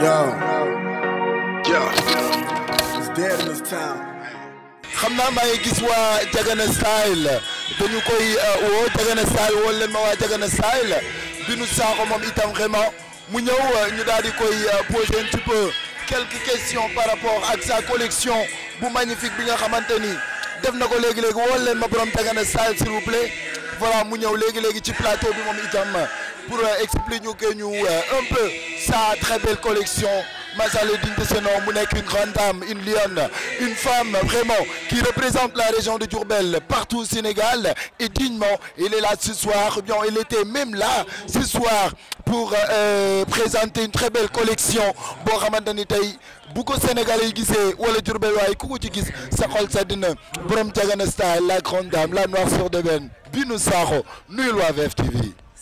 Yo. Yo. It's dead in this town. xam naa maa ngi gis waa Jagana Style dañu koy woo uh, Jagana Style woo leen ma waa Jagana Style Binu Sakho moom itam vraiment mu ñëw uh, ñu daal di koy uh, poser un petit peu quelques questions par rapport à sa collection bu magnifique bi nga xamante def na ko léegi-léegi woo leen ma borom Jagana Style s'il vous plaît voilà mu ñëw léegi-léegi ci plateau bi moom itam pour euh, expliquer nous euh, un peu sa très belle collection. Mazaledine de Sénon une grande dame, une lionne, une femme vraiment qui représente la région de Tourbel partout au Sénégal et dignement. elle est là ce soir, bien il était même là ce soir pour euh, présenter une très belle collection. Bon Ramadan beaucoup de sénégalais qui disent, wala Diourbel waaye ku ko ci ça sa xol sa dina borom la grande dame la noire sur de Ben, Binoussaro, nu saaxo TV.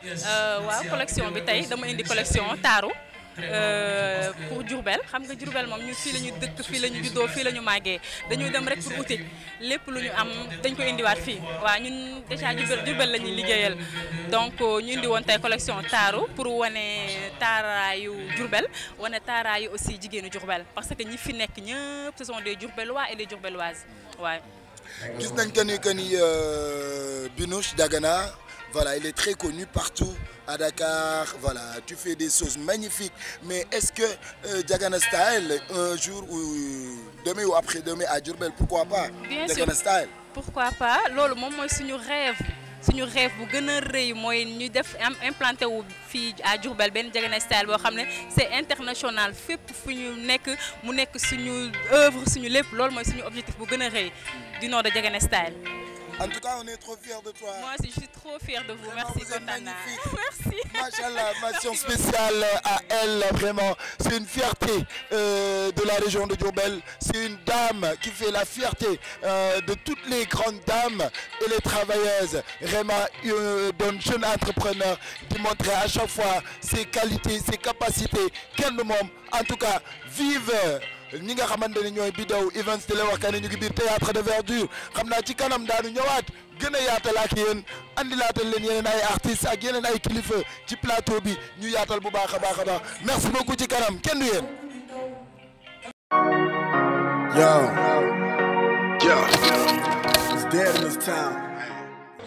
Euh, waaw hein. collection bi tey dama indi collection taaru euh, pour Diourbel xam nga Diourbel moom ñun fii la ñu dëkk fii la ñu juddoo fii la ñu màggee dañuy dem rek pour uti lépp lu ñu am dañ ko indiwaat fii waaw ñun déjà Diourbel Diourbel la ñuy liggéeyal donc euh, ñu indi woon tey collection taaru pour wane taaraayu Diourbel wane taaraayu aussi jigéenu Diourbel parce que ñi fi nekk ñëpp ce sont des Diourbellois et des Diourbelloises waaw. gis nañ que ni que ni Binouche Dagana. Voilà, il est très connu partout à Dakar. Voilà, tu fais des choses magnifiques. Mais est-ce que euh, Diagana Style, un jour ou demain ou après-demain à Djurbel, pourquoi pas Bien Diagana sûr. Style Pourquoi pas Lolo, moi, c'est nos rêve. suñu rêve bu gën a rëy ñu def am implanté wu fii à Diourbel Ben Diagana Style boo xam ne c'est international fépp fu ñu mu nekk suñu œuvre suñu lépp loolu mooy suñu objectif bu gën a du nom de Diagana Style en tout cas, on est trop fiers de toi. Moi aussi, je suis trop fière de vous. Merci, vous Merci. Merci. Machallah, mention spéciale à elle, vraiment. C'est une fierté euh, de la région de Djoubel. C'est une dame qui fait la fierté euh, de toutes les grandes dames et les travailleuses. Vraiment, euh, jeune entrepreneur qui montrait à chaque fois ses qualités, ses capacités. Quel moment. En tout cas, vive ñi nga xamanteni ñoy ñooy bidaw events télé wax kan ñu ngi biir théâtre de verdure xamna ci kanam daanu ñëwaat gëna yaatal ak yeen andi laatal leen yeneen ay artistes ak yeneen ay kilifa ci plateau bi ñu yaatal bu baaxa baaxa baax a baax merci beaucoup ci kanam kenn du yeen yéen.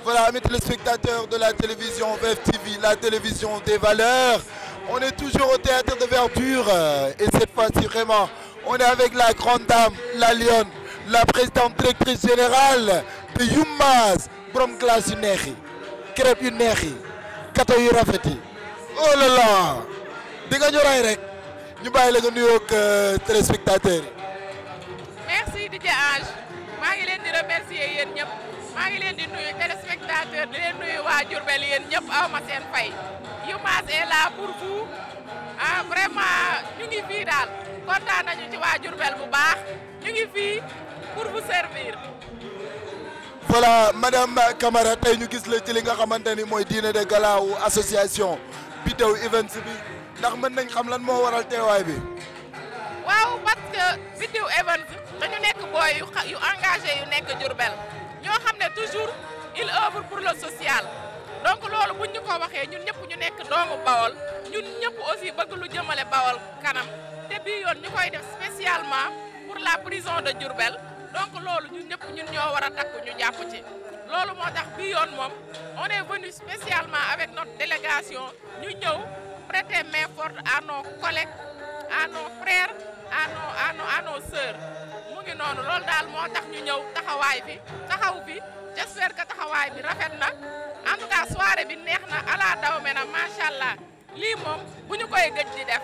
Voilà, amis téléspectateurs de la télévision TV, la télévision des valeurs. On est toujours au théâtre de Verdure et cette fois-ci vraiment on est avec la grande dame, la lionne, la présidente directrice générale de Yumas, Bromklas glace yu crêpe oh là là di nga ñu ray rek ñu euh, merci Didier Ange je remercier maa ngi leen di nuyu téléspectateur di leen nuyu waa Diourbel yéen ñëpp aw seen fay UMAS est là pour vous ah ñu ngi fii daal kontaan nañu ci waa Diourbel bu baax ñu ngi fii pour vous servir. voilà madame Camara tey ñu gis la ci li nga xamante ni mooy dîner de gala wu association Biddew Events bi ndax mën nañ xam lan moo waral teewaay bi. waaw parce Biddew Events dañu nekk booy yu engagé yu nekk Diourbel. ñoo xam toujours il œuvre pour le social donc loolu buñ ñu ko waxee ñun ñëpp ñu nekk doomu Bawol ñun ñëpp aussi bëgg lu jëmale Bawol kanam te bii yoon ñu koy def spécialement pour la prison de Diourbel donc loolu ñun ñëpp ñun ñoo war a takku ñu jàpp ci loolu moo tax bii yoon moom on est venu spécialement avec notre délégation ñu ñëw prêter main forte à nos collègues à nos frères à nos à nos à nos sœurs mu ngi noonu loolu daal moo tax ñu ñëw taxawaay bi taxaw bi j'espère que taxawaay bi rafet na en tout cas bi neex na ala daw na macha allah lii moom bu ñu koy gëj di def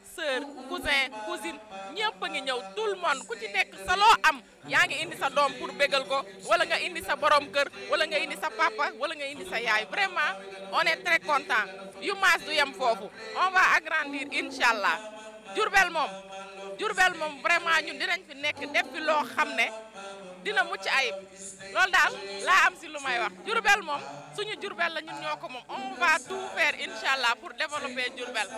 sœur cousin cousine ñëpp a ñëw tout le ku ci nekk sa loo am yaa ngi indi sa doom pour bégal ko wala nga indi sa borom kër wala nga indi sa papa wala nga indi sa yaay vraiment on est très yu maas du yem foofu on va agrandir incha allah jurbel moom jurbel moom vraiment ñun dinañ fi nekk def fi loo xam ne dina mucc ayib loolu daal laa am si lu may wax Diourbel moom suñu Diourbel la ñoo ko moom on va tout faire pour développer Diourbel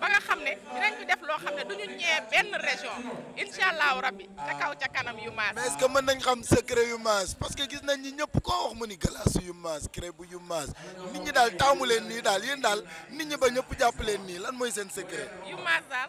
ba nga xam ne dinañ fi def loo xam ne duñu ñëwee benn région incha allahu rabbi ca kaw ca kanam yu maas. mais mën nañ xam secret yu maas parce que gis nañ ñi ñëpp koo wax mu ni glace yu maas crêpe bu yu maas nit ñi daal taamu leen nii daal yéen daal nit ñi ba ñëpp jàpp leen nii lan mooy seen secret. yu maas daal.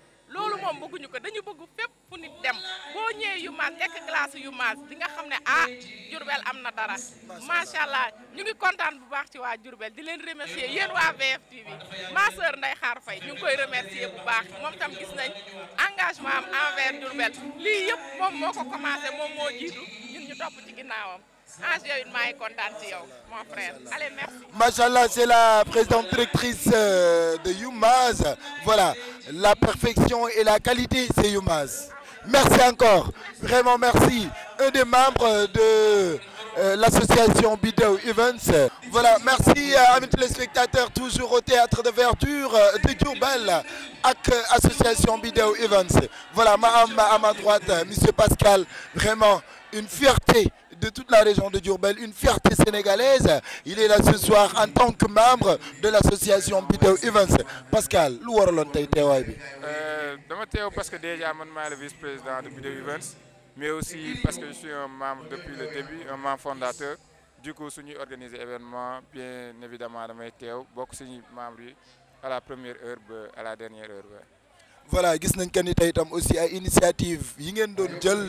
loolu moom bëgguñu ko dañu bëgg fépp fu dem boo ñëwee yu maas lekk glace yu maas di nga xam ne ah Diourbel am na dara macha allah ñu ngi kontaan bu baax ci waa Diourbel di leen remercier yéen waa VFtv ma sœur Ndeye Khar Faye ñu ngi koy remercier bu baax moom tam gis nañ engagement am envers Diourbel lii yëpp moom moo ko commencé moom moo jiitu ñun ñu topp ci ginnaawam Ange hein, mon frère allez merci. c'est la présidente directrice euh, de Youmaz. voilà la perfection et la qualité c'est Youmaz. merci encore vraiment merci un des membres de euh, l'association Bideo Events voilà merci à euh, les téléspectateurs toujours au théâtre de verdure de Diourbel avec association Bideo Events voilà ma à ma droite monsieur Pascal vraiment une fierté de toute la région de Durbel, une fierté sénégalaise. Il est là ce soir en tant que membre de l'association Bideu Events. Pascal, lu waraloon tey Je bi. Euh, parce que déjà le vice-président de Bideu Events mais aussi parce que je suis un membre depuis le début un membre fondateur du coup nous organisé l'événement, bien évidemment je suis beaucoup de membres à la première heure à la dernière heure voilà gis nañ que ni tey itam aussi ay initiative yi ngeen doon jël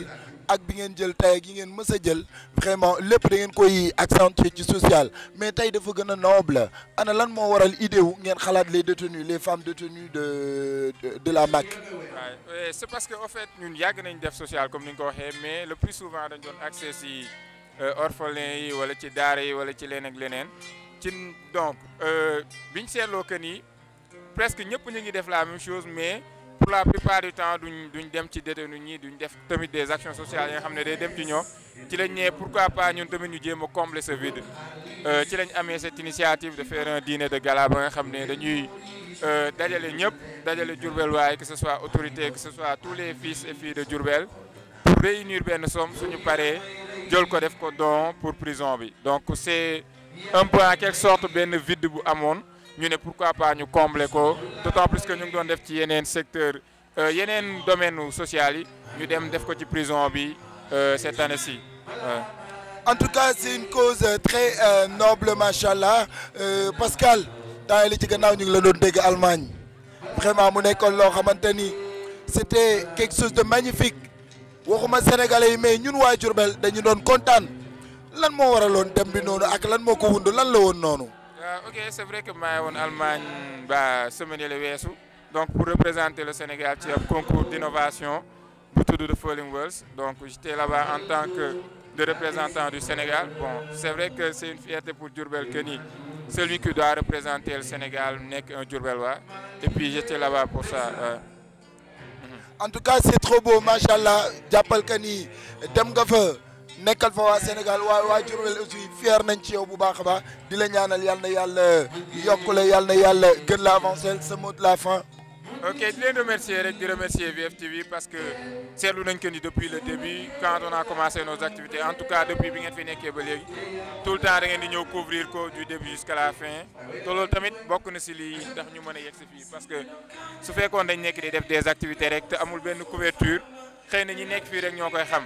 ak bi ngeen jël tay ak yi ngeen mës jël vraiment lepp da ngeen koy accentuer ci social mais tay dafa gën a noble ana lan mo waral idée wu ngeen xalaat les détenus les femmes détenues de de, de la MAC. Euh, c'est parce que en fait ñun yag nañ def social comme ni ko waxé mais le plus souvent dañ doon accès si euh, orphelins yi wala ci daara yi wala ci leen ak leneen ci donc euh, biñ seetloo que ni presque ñëpp ñu ngi def la même chose mais pour la plupart du temps nous duñ dem ci détenu ñi duñ def tamit des actions sociales nga xamné day pourquoi pas ñun tamit ñu combler ce vide euh, ci lañ amé cette initiative de faire un dîner de gala ba nga xamné dañuy euh dajalé ñëpp dajalé que ce soit autorité que ce soit tous les fils et filles de djourbel, pour réunir ben somme suñu paré jël ko def ko don pour prison donc c'est un peu en quelque sorte un vide bu monde ñu pourquoi pas ñu combler ko d'autant plus que ñu ngi doon def ci yeneen secteur euh, yeneen domaine social yi ñu dem def ko ci prison bi euh, cette année-ci en tout cas c'est une cause euh, très euh, noble machallah euh, Pascal tay li ci gannaaw ñu ngi la doon dégg Allemagne vraiment mu nekkoon loo xamante ni c'était quelque chose de magnifique waxuma sénégalais yi mais ñun waa jurbel dañu doon kontaan lan moo waraloon dem bi noonu ak lan moo ko wund lan la woon noonu euh, ok c'est vrai que moi, Allemagne ba semaine les weesu donc pour représenter le Sénégal tu un concours d'innovation pour de Falling Worlds donc j'étais là-bas en tant que représentant du Sénégal bon c'est vrai que c'est une fierté pour Durbel Kenny. celui qui doit représenter le Sénégal n'est qu'un Durbelois, et puis j'étais là-bas pour ça. Euh. en tout cas c'est trop beau Machallah, Diapal Kenny, Demgafeu nekkal fa wa Sénégal wa waa Diourbel aussi fier nañ ci yow bu baax ba di la ñaanal yalla yalla yokule yalla yalla gën la avancer sa mot de la fin. ok di leen remercier rek di remercier VFTV parce que seetlu nañ que ni depuis le début quand on a commencé nos activités en tout cas depuis bi ngeen fi nekké ba léegi tout le temps da ngeen di ñëw couvrir ko du début jusqu'à la fin te loolu tamit bokku na ci li tax ñu mëna yex fi parce que su fekkoon dañ nekk di def des activités rek te amul ben couverture xëy na ñi nekk fi rek ñokoy xam.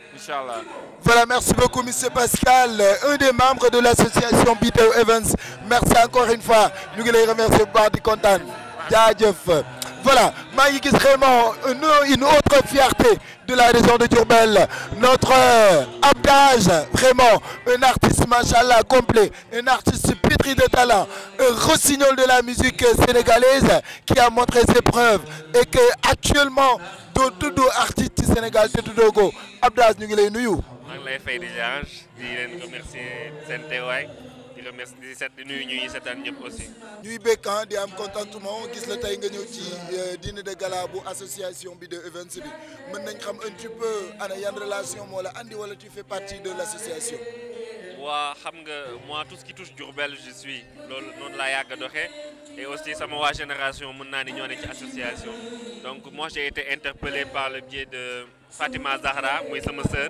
Voilà, merci beaucoup, Monsieur Pascal, un des membres de l'association Peter Evans. Merci encore une fois. Nous voulons remercier Bardi Contan. Voilà, Maïkis vraiment une, autre fierté de la région de Durbel. Notre euh, Abdage, vraiment un artiste machallah complet, un artiste pétri de talent, un rossignol de la musique sénégalaise qui a montré ses preuves et que actuellement tout artiste du Sénégal de tout Abdage, nous sommes kilomètres 17 di nuyu ñuy seetaan ñëpp aussi. ñuy békkan ah, di am contentement gis la tey nga ñëw ci euh, dîner de gala bu association bi de events bi mën nañ xam un petit ana yan relation moo la andi wala tu fais partie de l'association. Wa waa xam nga moi tout ce qui touche Diourbel je suis loolu noonu laa yàgg a et aussi sama wa génération mën naa ni ñoo ne ci association donc moi j'ai été interpellé par le biais de Fatima Zahra muy sama sœur.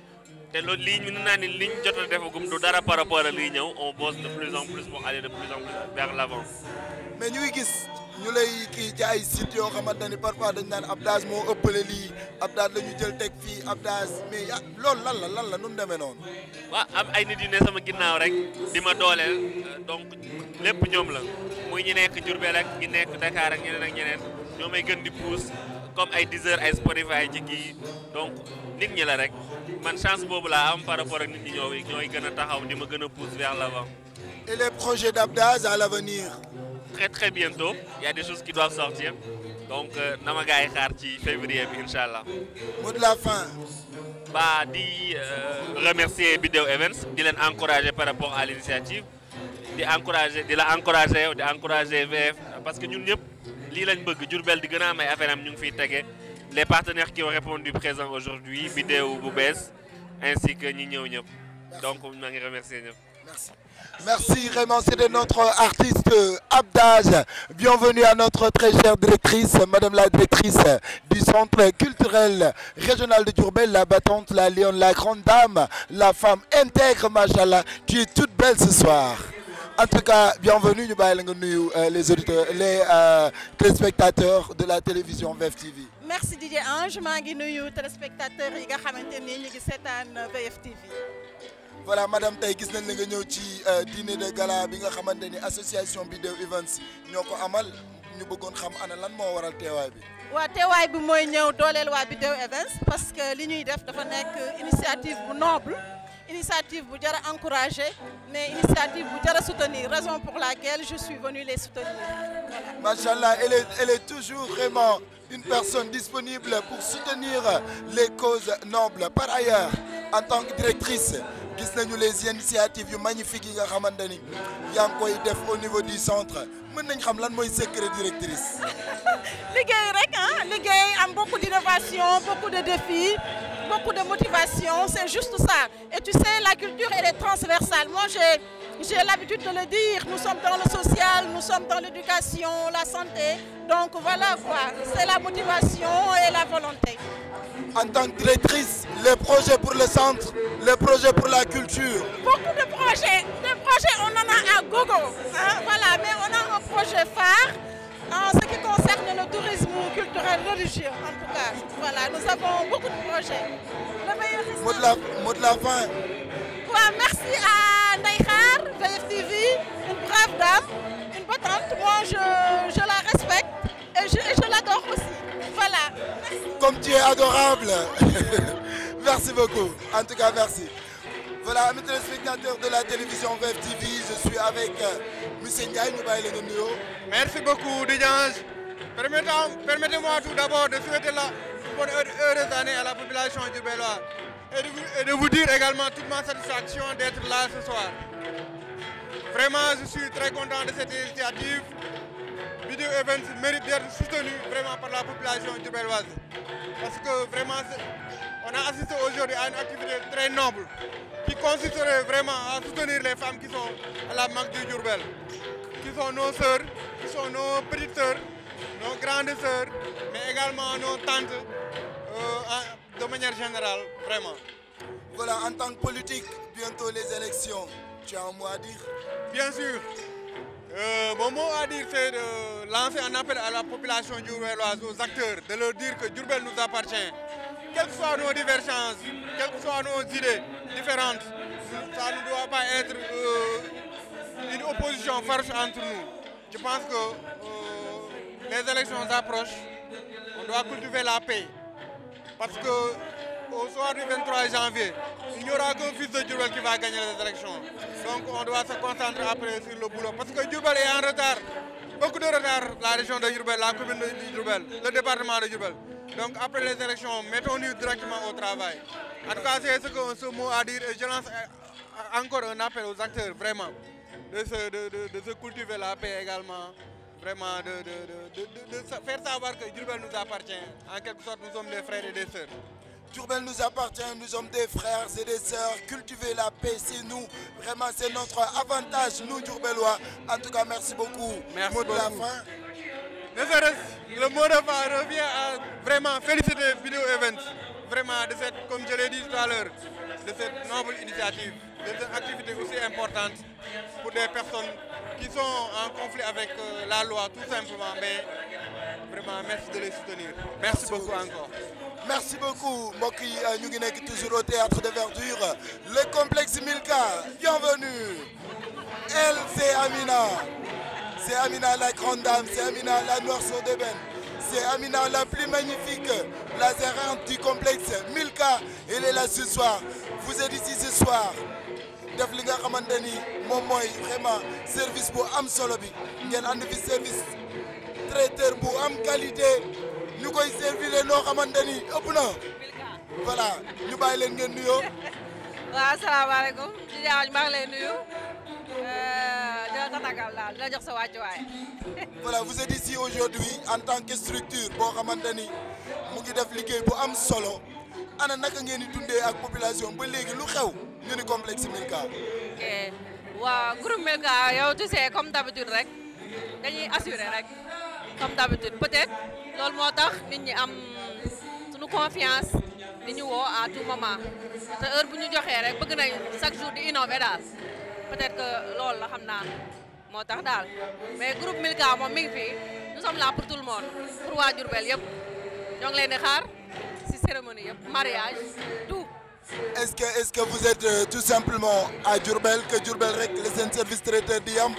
te loolu lii ñu naan ne liñ jot a defagum du dara par rapport ak liy ñëw on bosse de plus en plus pour aller de plus en plus vers l'avant. mais ñu ngi gis ñu lay kii ci ay sites yoo xamante ne parfois dañ naan Abdaz moo ëppale lii Abdaz la ñu jël teg fii Abdaz mais ah loolu lan la lan la nu mu demee noonu. waaw am ay nit yu ne sama ginnaaw rek di ma dooleel donc lépp ñoom la muy ñi nekk Diourbel ak ñi nekk Dakar ak ñeneen ak ñeneen ñoo may gën di pousse. comme ay Deezer ay Spotify ci kii donc nit ñi la rek man chance de la am par rapport ak nit ñi ñoy ñooy gën taxaw di ma gëna pousse vers l'avant. Et les projets d'Abdaz à l'avenir? Très très bientôt, il y a des choses qui doivent sortir. Donc euh, na ma gars xaar ci février bi inshallah Mot de la fin. Bah di euh, remercier Video Events di len encourager par rapport à l'initiative di encourager di la encourager di encourager VF parce que ñun ñep les partenaires qui ont répondu présent aujourd'hui vidéo bu ainsi que ñi ñëw donc on ngi remercier Merci. Merci c'est de notre artiste Abdage. Bienvenue à notre très chère directrice, Madame la directrice du Centre culturel régional de Durbel, la battante, la lionne, la grande dame, la femme intègre, Machallah, Tu es toute belle ce soir en tout cas bienvenue ñu bàyyi la nga nuyu euh, les auditeurs les euh, téléspectateurs de la télévision VF TV. merci Didier Ange maa ngi nuyu téléspectateurs yi nga xamante ni ñu ngi seetaan VF TV. voilà madame tey gis nañ nga ñëw ci euh, dîner de gala bi nga xamante ni association Bidew Events ñoo amal ñu bëggoon xam ana lan moo waral teewaay bi. waa teewaay bi mooy ñëw dooleel waa Bidew Events parce que li ñuy def dafa nekk initiative bu noble initiative vous dire encourager mais initiative vous dire soutenir raison pour laquelle je suis venue les soutenir Machallah elle est toujours vraiment une personne disponible pour soutenir les causes nobles par ailleurs en tant que directrice Disney Nous les initiatives magnifiques que nga xamante ni au niveau du centre xam directrice Les ah, beaucoup d'innovation beaucoup de défis beaucoup de motivation, c'est juste ça. Et tu sais, la culture, elle est transversale. Moi, j'ai l'habitude de le dire, nous sommes dans le social, nous sommes dans l'éducation, la santé. Donc voilà quoi, c'est la motivation et la volonté. En tant que directrice, les projets pour le centre, les projets pour la culture. Beaucoup de projets, des projets, on en a à gogo. Hein. voilà, mais on a un projet phare en ce qui concerne le tourisme en tout cas. Voilà, nous avons beaucoup de projets. Le meilleur fin. merci à Naïkhar, VFTV, une brave dame, une bonne tante. Moi, je, je la respecte et je, je l'adore aussi. Voilà. Comme tu es adorable. merci beaucoup. En tout cas, merci. Voilà, mes téléspectateurs de la télévision VFTV, je suis avec euh, nous M. Ndiaye Noubaï Merci beaucoup, Dijange. Permettez-moi tout d'abord de souhaiter la bonne heureuse année à la population du Bélois et de, vous, dire également toute ma satisfaction d'être là ce soir. Vraiment, je suis très content de cette initiative. Video Events mérite d'être soutenu vraiment par la population du Béloise. Parce que vraiment, on a assisté aujourd'hui à une activité très noble qui consisterait vraiment à soutenir les femmes qui sont à la marque du Jourbel, qui sont nos sœurs, qui sont nos petites sœurs, nos grandes sœurs, mais également nos tantes euh, de manière générale, vraiment. Voilà, en tant que politique, bientôt les élections, tu as un mot à dire Bien sûr. Euh, mon mot à dire, c'est de lancer un appel à la population djourbelloise, aux acteurs, de leur dire que Djurbel nous appartient. Quelles que soient nos divergences, quelles que soient nos idées différentes, ça ne doit pas être euh, une opposition farce entre nous. Je pense que les élections approchent, on doit cultiver la paix. Parce que au soir du 23 janvier, il n'y aura qu'un fils de Jubel qui va gagner les élections. Donc on doit se concentrer après sur le boulot. Parce que Jubel est en retard. Beaucoup de retard, la région de Joubel, la commune de Jubel, le département de Jubel. Donc après les élections, mettons-nous directement au travail. En tout cas, c'est ce que ce mot à dire. Et je lance encore un appel aux acteurs, vraiment, de se cultiver la paix également vraiment de, de, de, de, faire savoir que Durbel nous appartient. En quelque sorte, nous sommes des frères et des sœurs. Djurbel nous appartient, nous sommes des frères et des sœurs. Cultiver la paix, c'est nous. Vraiment, c'est notre avantage, nous, Durbelois. En tout cas, merci beaucoup. Merci mot de la fin. Le mot de fin revient à vraiment féliciter Video Event. Vraiment, de comme je l'ai dit tout à l'heure, de cette noble initiative, de cette activité aussi importante pour des personnes qui sont en conflit avec euh, la loi, tout simplement. Mais vraiment, merci de les soutenir. Merci, beaucoup encore. Merci beaucoup, Moki est euh, toujours au Théâtre de Verdure. Le complexe Milka, bienvenue. Elle, c'est Amina. C'est Amina la grande dame, c'est Amina la noirceau d'ébène. C'est Amina la plus magnifique, la du complexe Milka. Elle est là ce soir vous êtes ici ce soir def li nga xamante ni moom vraiment service bu am solo bi ngeen ànd service traiteur bu am qualité Nous koy servir les xamante ni ëpp na voilà ñu bàyyi leen ngeen nuyoo. waaw asalaamaaleykum di jaaj maa ngi lay nuyu euh, la tatagal daal la jox sa voilà vous êtes ici aujourd'hui en tant que structure pour xamante ni mu ngi def bu am solo. ana naka ngeen di dundee ak population ba léegi lu xew ñu ni complexe Milka. ok waaw groupe Milka yow tu sais comme d'habitude rek dañuy assure rek comme d'habitude peut-être loolu moo tax nit ñi am suñu confiance di ñu woo à tout moment te heure bu ñu joxe rek bëgg nañ chaque jour di innover daal peut-être que loolu la xam naa moo tax daal mais groupe Milka moom mi ngi fi nous sommes pour tout le monde pour waa Diourbel yëpp ñoo leen di xaar. cérémonie mariage tout. est-ce que est-ce que vous êtes euh, tout simplement à Durbel que Durbel est le service traiteur de yam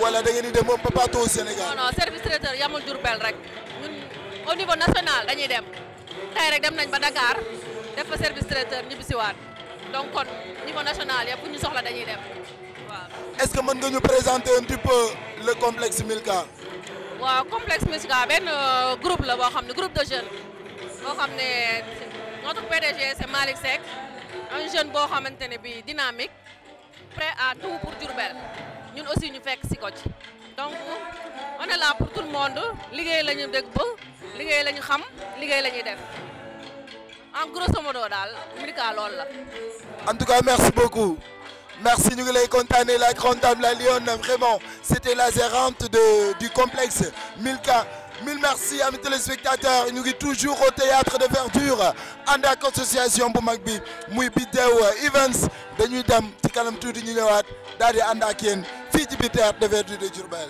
wala da ngeen dem papa partout au Sénégal. non non service traiteur Yam ou rek ñun au niveau national dañuy dem tey rek dem nañ ba Dakar def service traiteur donc au niveau national yëpp ñu soxla dañuy dem waaw. est-ce que vous pouvez nous présenter un petit peu le complexe Milka. Le complexe Milka c'est euh, groupe groupe de jeunes boo notre PDG c'est Malik Seck un jeune bo xamantene bi dynamique prêt à tout pour Djourbel ñun aussi ñu fekk si ko ci donc on est là pour tout le monde liggéey lañu ñu dégg ba lañu xam liggéey lañu def en grosso modo dal Milka lool la. en tout cas merci beaucoup. Merci, nous les la grande dame, la lionne, vraiment, c'était la gérante de, du complexe Milka mille merci à mes téléspectateurs Nous sommes toujours au théâtre de verdure ànd association bu Magbi, bi muy Events dañuy Dam, ci kanam tuuti ñu ñëwaat daal di ànd de verdure de Diourbel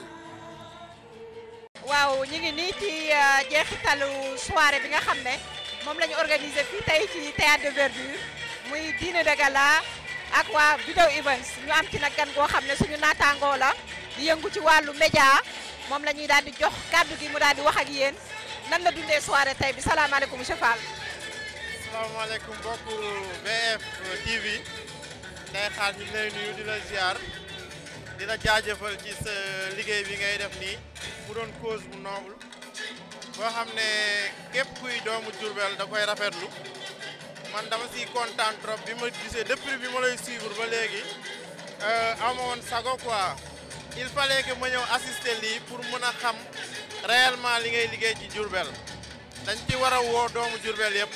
waaw ñu ngi nii ci euh, jeexitalu soirée bi nga xam ne organisé ci théâtre de verdure muy dîner de gala ak waa Bidew Events ñu am ci nag gan goo xam ne suñu naataangoo la di yëngu ci wàllu média moom la ñuy daal di jox kàddu gi mu daal di wax ak yéen nan la dundee soirée tey bi salaamaaleykum monsieur Fall. salaamaaleykum mbokk BF TV tey xaar ñu ngi lay nuyu di la ziar di la jaajëfal ci sa liggéey bi ngay def nii mu doon cause bu noble boo xam ne képp kuy doomu Diourbel da koy rafetlu man dama siy kontaan trop bi ma gisee depuis bi ma lay suivre ba léegi euh, amoon sago quoi. il fallait que ma ñëw assister lii pour mën a xam réellement li ngay liggéey ci Diourbel dañ ci war a woo doomu Diourbel yëpp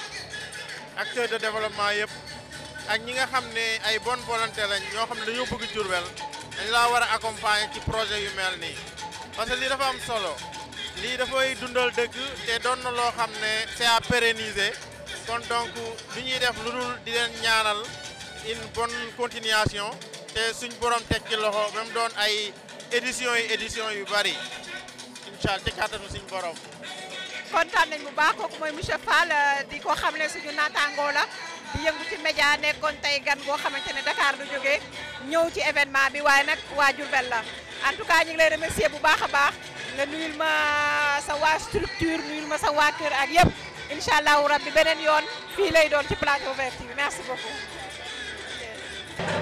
acteur de développement yëpp ak ñi nga xam ne ay bonne volonté lañ ñoo xam ne dañoo bëgg Diourbel dañ laa war a accompagner ci projet yu mel nii parce que lii dafa am solo lii dafay dundal dëkk te doon na loo xam ne c'est à pérenniser kon donc lu ñuy def lu dul di leen ñaanal une bonne continuation te suñ borom tekki loxo même doon ay édition yi édition yu bari incha allah ci kàttanu suñu borom. kontaan nañ bu baax kooku mooy monsieur euh, di ko xam ne suñu naataangoo la di yëngu ci média nekkoon tey gan boo xamante ne Dakar du jógee ñëw ci événement bi waaye nag waa Diourbel la en tout cas ñu ngi lay remercier bu baax a baax nga nuyul ma sa waa structure nuyul ma sa waa kër ak yëpp incha allahu rabbi beneen yoon fii lay doon ci plateau vert bi merci beaucoup.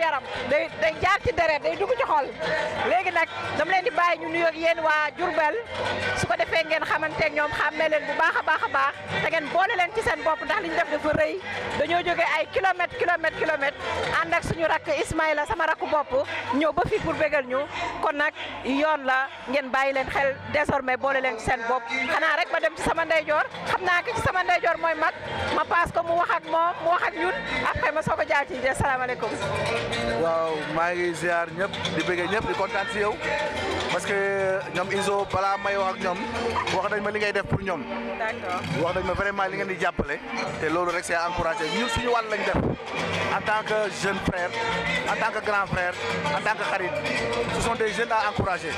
yaram day day jaar ci deret day dugg ci xol léegi nag dama leen di bàyyi ñu nuyoog yéen waa Jurbel su ko defee ngeen xamante ñoom xàmmee leen bu baax a baax a baax te ngeen boole leen ci seen bopp ndax li ñu def dafa rëy dañoo jógee ay kilomètres kilomètres kilomètres ànd ak suñu rakk la sama rakku bopp ñëw ba fii pour bégal ñu kon nag yoon la ngeen bàyyi leen xel désormais boole leen ci seen bopp xanaa rek ma dem ci sama ndeyjoor xam naa ko ci sama mooy mag ma paas ko mu wax ak moom ak ñun après ma soo ko jaay ci salaamaaleykum waaw maa ngi ziar ñëpp di bëggee ñëpp di kontaan si yow parce que ñoom Izo balaa may wax ak ñoom wax nañ ma li ngay def pour ñoom. d'accord wax nañ ma vraiment li ngeen di jàppale te loolu rek c'est encouragé ñun suñu wàll lañ def en tant que jeune frère en tant que grand frère en tant que xarit ce sont des jeunes à encourager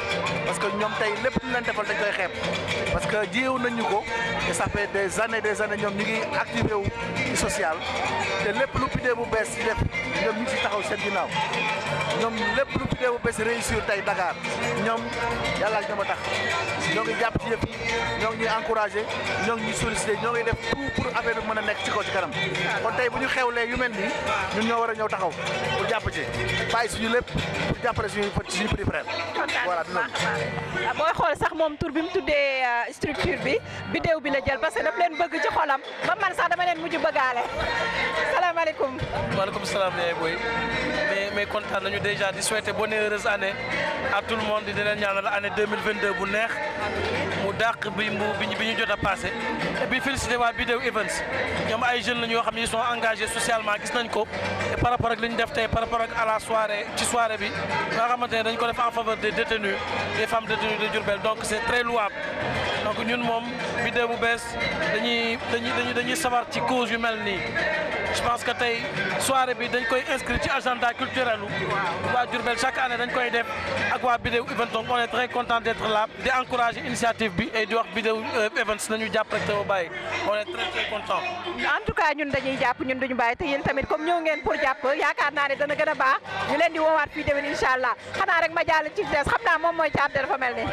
parce que ñoom tey lépp lu leen defal dañ koy xeeb parce que jiw nañ ñu ko et ça fait des années des années ñoom ñu ngi activé wu social te lépp lu pidee bu bees ci def ñoom ñu ngi taxaw seen ginnaaw ñoom lépp lu vidéo bés tey Dakar ñoom yàlla ak ñoom tax ñoo jàpp ci yëpp ñoo encouragé ñoo ngi ñuy sollicité ñoo ngi def tout bi mën a nekk ci kaw ci kanam kon bu ñu xewlee yu mel nii ñun ñoo war a ñëw taxaw pour jàpp ci bàyyi suñu lépp pour jàppale suñu suñu petit frère ah, booy xool sax moom tur bi mu tuddee euh, structure bi vidéo bi la jël parce que daf leen bëgg ci xolam ba man sax dama leen mujj bëggaale salaamaaleykum maaleykum salaam yaay booy mais mais content nañu déjà souhaite une bonne heureuse année à tout le monde di 2022 bu neex mu bi la Events jeunes sont engagés socialement par rapport à par rapport à la soirée ci soirée nous en faveur des détenus des femmes détenues de Durbel. donc c'est très louable donc nous nous nous bu nous, nous, nous, cause je pense que tay soirée bi dañ koy inscrire ci agenda culturel wa Diourbel chaque année dañ koy def ak wa Bidew event donc on est très content d'être là di encourager initiative bi et di wax Bidew euh, Events nañu japp rek taw baye on est très très content en tout cas ñun dañuy japp ñun duñu baye te yeen tamit comme ñëw ngeen pour japp yaakaar naa ne dana gën baax ñu leen di woowaat fi déwén inshallah xana rek ma jall ci des xamna mom moy ci caat dafa melni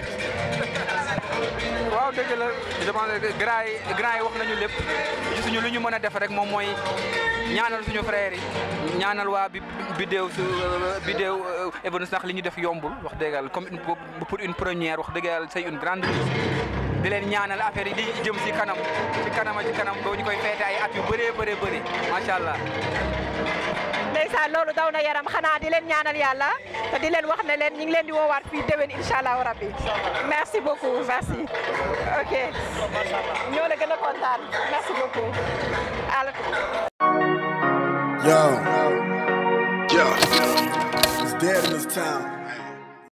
waaw dëgg la je pense grand yi yi wax nañu lépp gisuñu lu ñu mën a def rek moom mooy ñaanal suñu frères yi ñaanal waa bi Bideew su euh, Bideew euh, Events ndax li ñu def yombul wax dëgg yàlla comme pour une première wax dëgg yàlla c'est une grande di leen ñaanal affaire yi di jëm ci kanam ci kanam ci kanam doo ñu koy feete ay at yu bëree bëree bëri macha allah. ndeysaan loolu daw na yaram xanaa di leen ñaanal yàlla te di leen wax ne leen ñu ngi leen di woowaat fii déwén incha allahu rabbi merci beaucoup merci ok ñoo la gën a kontaan merci beaucoup al yo yo it's dead in this town